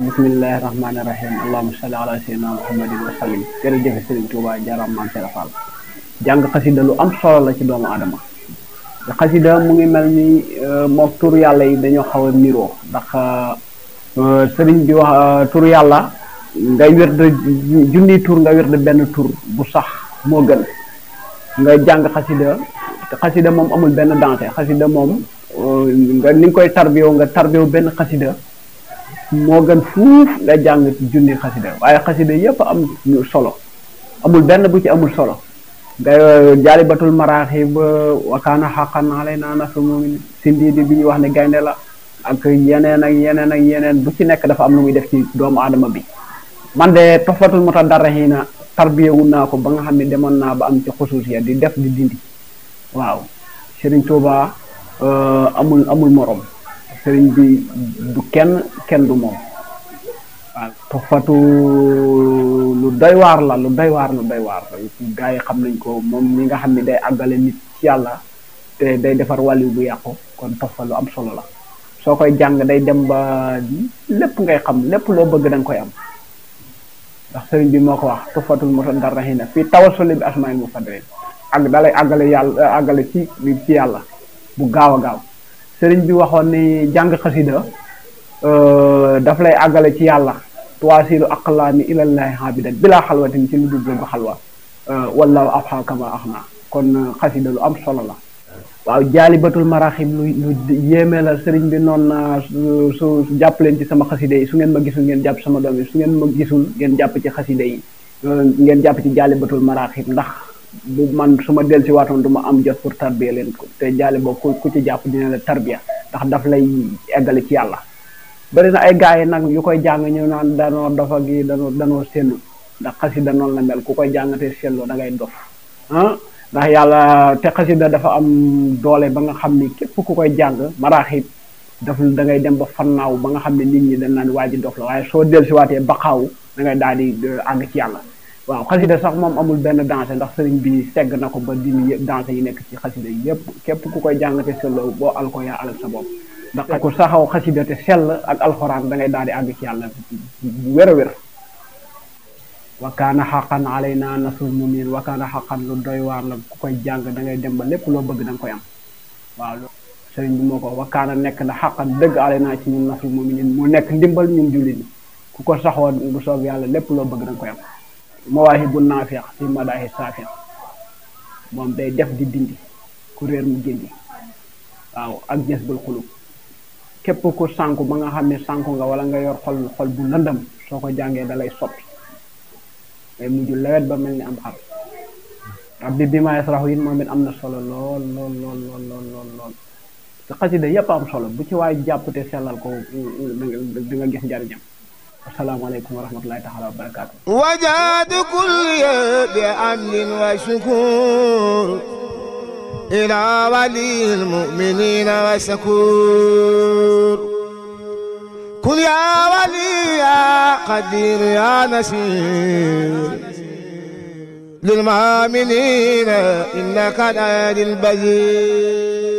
bismillahi rahmaani rahim allahumma salli ala sayyidina muhammadin wa sallim jërëjëfe sëriñ Tuuba jaram maam Seera Fall jàng xasida lu am solo la ci doomu aadama te xasida mu ngi mel ni euh, moo tur yàlla yi dañoo xaw a niroo ndax euh, sëriñ bi wax euh, tuur yàlla nga wér de tuur nga wér benn tur bu sax moo gën nga jàng xasida te xasida moom amul benn danger xasida moom nga ni nga koy tarbiyoo nga tarbiyoo benn xasida moo gën fuuf nga jàng ci junni xasida waaye xasida yépp am solo amul benn bu ci amul solo nga euh, jaalibatul ba wakaana xaqan alay naa nasu si sindiidi bi ñu wax ne gaynde la ak yeneen ak yeneen ak yeneen bu ci nekk dafa am lu muy def ci doomu aadama bi man de tofatul mota dara xii na wu naa ko ba nga xam ne demoon naa ba am ci xusuusiya di def di dindi waaw Serigne Touba euh, amul amul morom serigne bi du kenn kenn du mom tofatu lu doy war la lu doy war lu doy war gaay xam nañ ko mom mi nga xamni day agale nit ci yalla te day defar wali bu yaqku kon tofa lu am solo la sokoy jang day dem ba lepp ngay xam lepp lo bëgg dang koy am ndax serigne bi moko wax tofatul hina, fi tawassul bi asma'il mufaddarin ak dalay agale yalla agale ci ci yalla bu gaawa gaaw sëriñ bi waxoon ni jàng xasida euh, daf lay àggale ci yàlla tuwaasilu aqlaami ilallahi xaabidan bilaa xalwatin ci lu dul dugg xalwa euh, wallaahu afha kama ahna kon euh, xasida lu am solo la waaw jaalibatul maraxib lu lu yéeme la sëriñ bi noon na su jàpp leen ci sama xasida yi su ngeen ma gisul ngeen jàpp sama doom yi su ngeen ma gisul ngeen jàpp ci xasida yi ngeen jàpp ci jaalibatul maraxib ndax bu man suma ma duma am jot pour tarbiya leen ko te jaale boo ku ci jàpp dina la tarbiya ndax daf lay eggale ci yàlla bari na ay gars yi nag yu koy jàng ñu naan danoo dofa gi danoo danoo sellu ndax xasida noonu la mel ku koy jàngatee selloo da ngay dof ah ndax yàlla te xasida dafa am doole ba nga xam ni képp ku koy jàng maraaxib daf da ngay dem ba fannaaw ba nga xam ne nit ñi dañ naan waa ji dof la waaye soo del si waatee baqaaw da ngay daal di àgg ci yàlla waaw xasida sax moom amul benn danse ndax sëriñ bi segg na ko ba dindi danse yi nekk ci xasida yépp képp ku koy jàng te ko yaa alal ndax ku saxaw xasida te sell ak alxuraan da ngay daal di àgg ci yàlla bu wér a wér wa kaana xaqan alayna nasrul mu'minin wa kaana xaqan lu doy waar la ku koy jàng dangay ngay dem ba lépp loo bëgg da nga koy am waaw sëriñ bi moo ko wa kaana nekk na xaqan dëgg alayna ci ñun nasrul mu'minin mu nekk ndimbal ñun jullit ku ko saxoo bu soob yàlla lépp loo bëgg da nga koy am mawaahibu naafeex fi madaahi saafeex moom day def di dindi ku réer mu gindi waaw ak jazbul xulub képp ku sànku ba nga xam ne sànku nga wala nga yor xol xol bu lëndam soo ko jàngee dalay soppi day mujj lewet ba mel ni am xar rabbi bi ma yasrahu it moom it am na solo lool lool lool lool lool lool lool yépp am solo bu ci waay jàpp te sellal ko mm, mm, di nga gis njariñam السلام عليكم ورحمة الله تعالى وبركاته وجاد كل بأمن وشكور إلى ولي المؤمنين وشكور كن يا ولي يا قدير يا نسير للمؤمنين إنك لا البدير